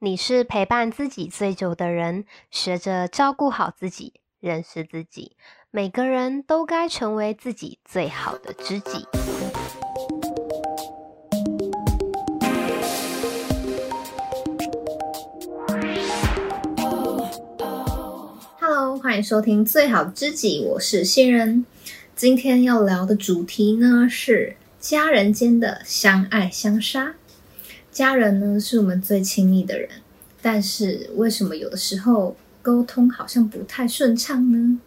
你是陪伴自己最久的人，學着照顧好自己，認識自己。每個人都該成為自己最好的知己。Hello，歡迎收聽《最好的知己》，我是新人。今天要聊的主題呢，是家人間的相愛相殺。家人呢是我們最親密的人，但是為什麼有的時候溝通好像不太順暢呢？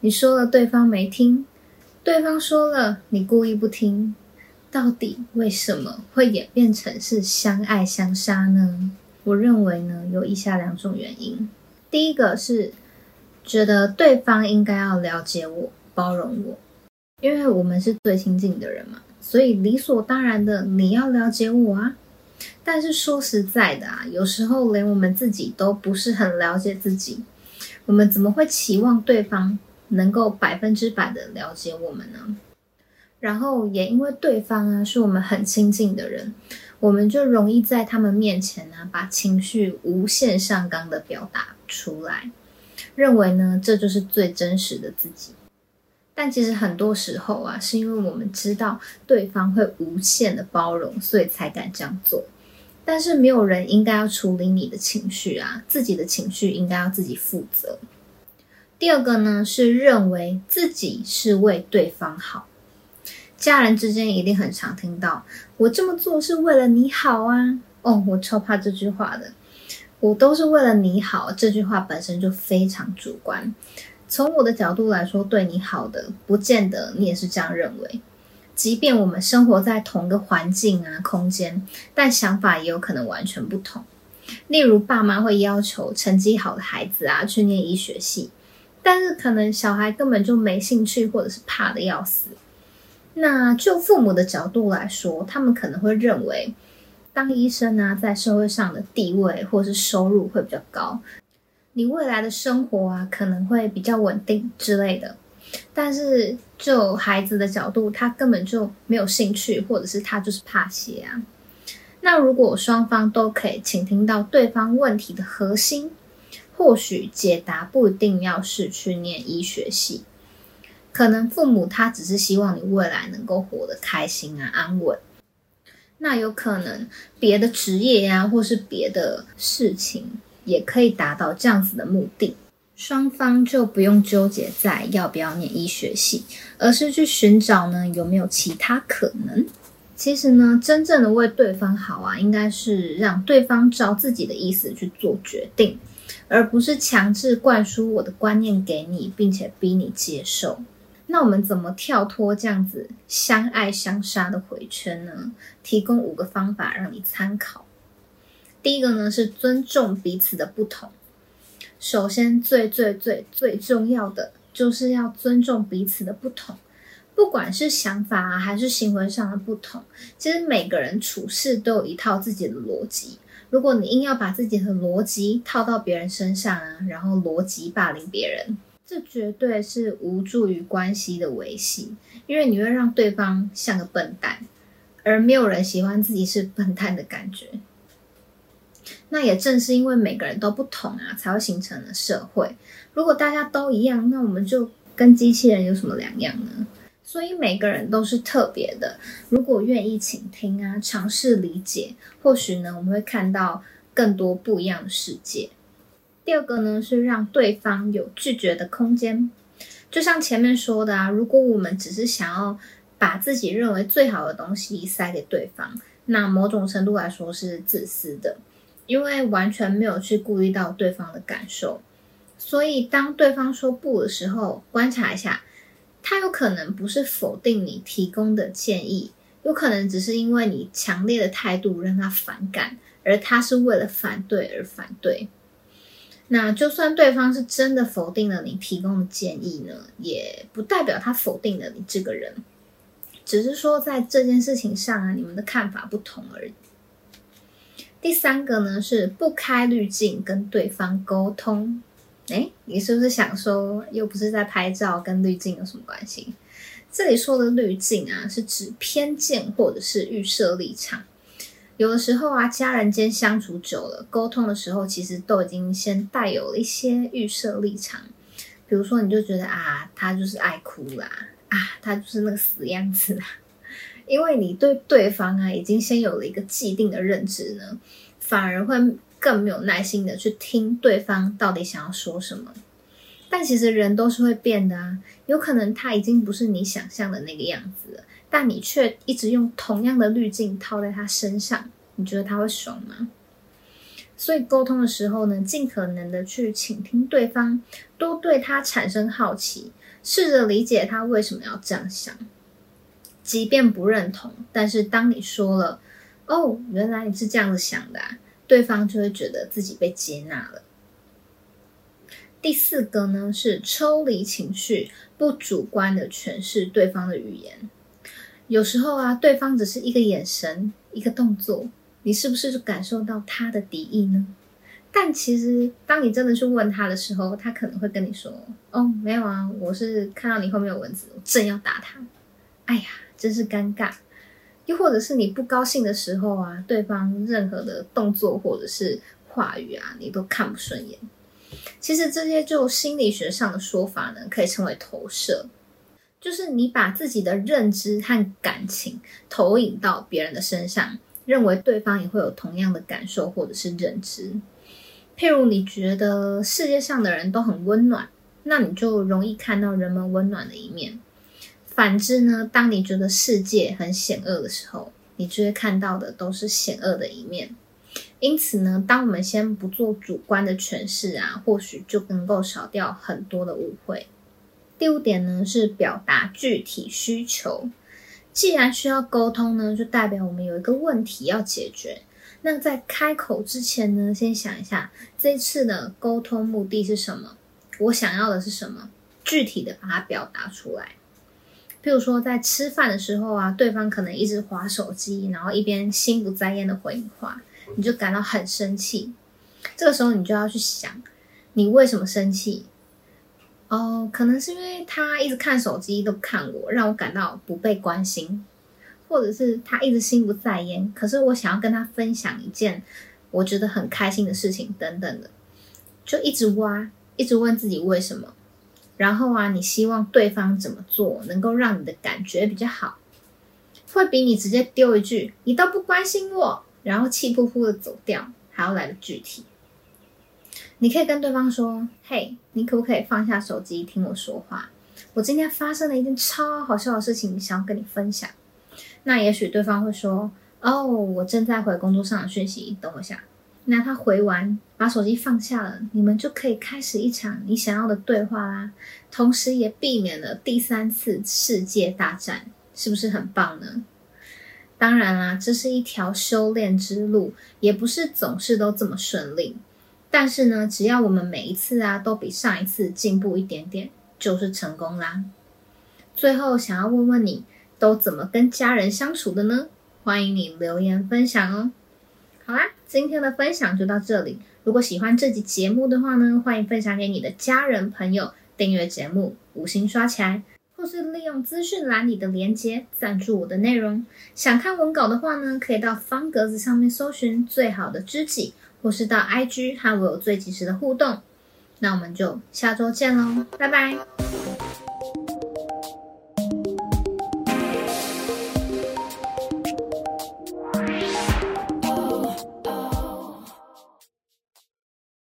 你說了對方沒聽，對方說了你故意不聽，到底為什麼會演變成是相愛相殺呢？我認為呢有以下兩種原因，第一個是覺得對方應該要了解我、包容我，因為我們是最親近的人嘛，所以理所當然的你要了解我啊。但是說實在的啊，有時候連我們自己都不是很了解自己，我們怎麼會期望對方能夠百分之百的了解我們呢？然後也因為對方呢、啊，是我們很親近的人，我們就容易在他們面前呢、啊、把情緒無限上綱的表達出來，認為呢，這就是最真實的自己。但其實很多時候啊，是因為我們知道對方會無限的包容，所以才敢這樣做。但是沒有人應該要處理你的情緒啊，自己的情緒應該要自己負責。第二個呢，是認為自己是為對方好。家人之間一定很常聽到“我這麼做是為了你好啊”，哦，我超怕這句話的。我都是為了你好，這句話本身就非常主觀。從我的角度來說，對你好的不見得你也是這樣認為。即便我們生活在同一個環境啊、空間，但想法也有可能完全不同。例如，爸媽會要求成績好的孩子啊去念醫學系，但是可能小孩根本就沒興趣，或者是怕得要死。那就父母的角度來說，他們可能會認為，當醫生呢、啊，在社會上的地位或是收入會比較高。你未來的生活啊，可能會比較穩定之類的，但是就孩子的角度，他根本就沒有興趣，或者是他就是怕血啊。那如果雙方都可以傾聽到對方問題的核心，或許解答不一定要是去念醫學系，可能父母他只是希望你未來能夠活得開心啊，安穩。那有可能別的職業呀、啊，或是別的事情。也可以達到這樣子的目的，雙方就不用糾結在要不要念醫學系，而是去尋找呢，有沒有其他可能。其實呢，真正的為對方好啊，應該是讓對方照自己的意思去做決定，而不是強制灌輸我的觀念給你，並且逼你接受。那我們怎麼跳脫這樣子相愛相殺的回圈呢？提供五個方法讓你參考。第一個呢是尊重彼此的不同。首先，最最最最重要的就是要尊重彼此的不同，不管是想法啊，還是行為上的不同。其實每個人處事都有一套自己的邏輯。如果你硬要把自己的邏輯套到別人身上啊，然後邏輯霸凌別人，這絕對是無助於關係的維繫，因為你會讓對方像個笨蛋，而沒有人喜歡自己是笨蛋的感覺。那也正是因為每個人都不同啊，才會形成了社會。如果大家都一樣，那我們就跟機器人有什麼兩樣呢？所以每個人都是特別的。如果願意傾聽啊，嘗試理解，或許呢，我們會看到更多不一樣的世界。第二個呢，是讓對方有拒絕的空間。就像前面說的啊，如果我們只是想要把自己認為最好的東西塞給對方，那某種程度來說是自私的。因為完全沒有去顧慮到對方的感受，所以當對方說不的時候，觀察一下，他有可能不是否定你提供的建議，有可能只是因為你強烈的態度讓他反感，而他是為了反對而反對。那就算對方是真的否定了你提供的建議呢，也不代表他否定了你這個人，只是說在這件事情上啊，你們的看法不同而已。第三個呢是不開濾鏡跟對方溝通。誒，你是不是想說又不是在拍照，跟濾鏡有什麼關係？這裡說的濾鏡啊，是指偏見或者是預設立場。有的時候啊，家人間相處久了，溝通的時候其實都已經先帶有了一些預設立場，比如說你就覺得啊，他就是愛哭啦，啊，他就是那個死樣子啦。因為你對對方啊已經先有了一個既定的認知呢，反而會更沒有耐心的去聽對方到底想要說什麼。但其實人都是會變的啊，有可能他已經不是你想象的那個樣子了，但你卻一直用同樣的濾鏡套在他身上，你覺得他會爽嗎？所以溝通的時候呢，盡可能的去傾聽對方，多對他產生好奇，試着理解他為什麼要這樣想。即便不認同，但是當你說了“哦，原來你是這樣子想的啊”，對方就會覺得自己被接納了。第四個呢是抽離情緒，不主觀地詮釋對方的語言。有時候啊，對方只是一個眼神、一個動作，你是不是就感受到他的敵意呢？但其實，當你真的去問他的時候，他可能會跟你說：“哦，沒有啊，我是看到你後面有蚊子，我正要打他。”哎呀。真是尷尬，又或者是你不高興的時候啊，對方任何的動作或者是話語啊，你都看不順眼。其實這些就心理學上的說法呢，可以稱為投射，就是你把自己的認知和感情投影到別人的身上，認為對方也會有同樣的感受或者是認知。譬如你覺得世界上的人都很溫暖，那你就容易看到人們溫暖的一面。反之呢，當你覺得世界很險惡的時候，你就會看到的都是險惡的一面。因此呢，當我們先不做主觀的詮釋啊，或許就能夠少掉很多的誤會。第五點呢，是表達具體需求。既然需要溝通呢，就代表我們有一個問題要解決。那在開口之前呢，先想一下這次的溝通目的是什麼？我想要的是什麼？具體的把它表達出來。比如說，在吃飯的時候啊，對方可能一直滑手機，然後一邊心不在焉的回你話，你就感到很生氣。這個時候，你就要去想，你為什麼生氣？哦，可能是因為他一直看手機，都看我，讓我感到不被關心，或者是他一直心不在焉，可是我想要跟他分享一件我覺得很開心的事情，等等的，就一直挖，一直問自己為什麼。然後啊，你希望對方怎麼做能夠讓你的感覺比較好，會比你直接丟一句“你都不關心我”，然後氣呼呼的走掉還要來得具體。你可以跟對方說：“嘿，你可不可以放下手機聽我說話？我今天發生了一件超好笑的事情，想要跟你分享。”那也許對方會說：“哦，我正在回工作上的訊息，等我一下。”那他回完，把手機放下了，你們就可以開始一場你想要的對話啦。同時，也避免了第三次世界大戰，是不是很棒呢？當然啦，這是一條修煉之路，也不是總是都這麼順利。但是呢，只要我們每一次啊，都比上一次進步一點點，就是成功啦。最後，想要問問你，都怎麼跟家人相處的呢？歡迎你留言分享哦。好啦，今天的分享就到這裡。如果喜歡這集節目的話呢，歡迎分享給你的家人朋友，訂閱節目，五星刷起來，或是利用資訊欄裡的鏈接贊助我的內容。想看文稿的話呢，可以到方格子上面搜尋最好的知己，或是到 IG 和我有最及時的互動。那我們就下周見嘍，拜拜。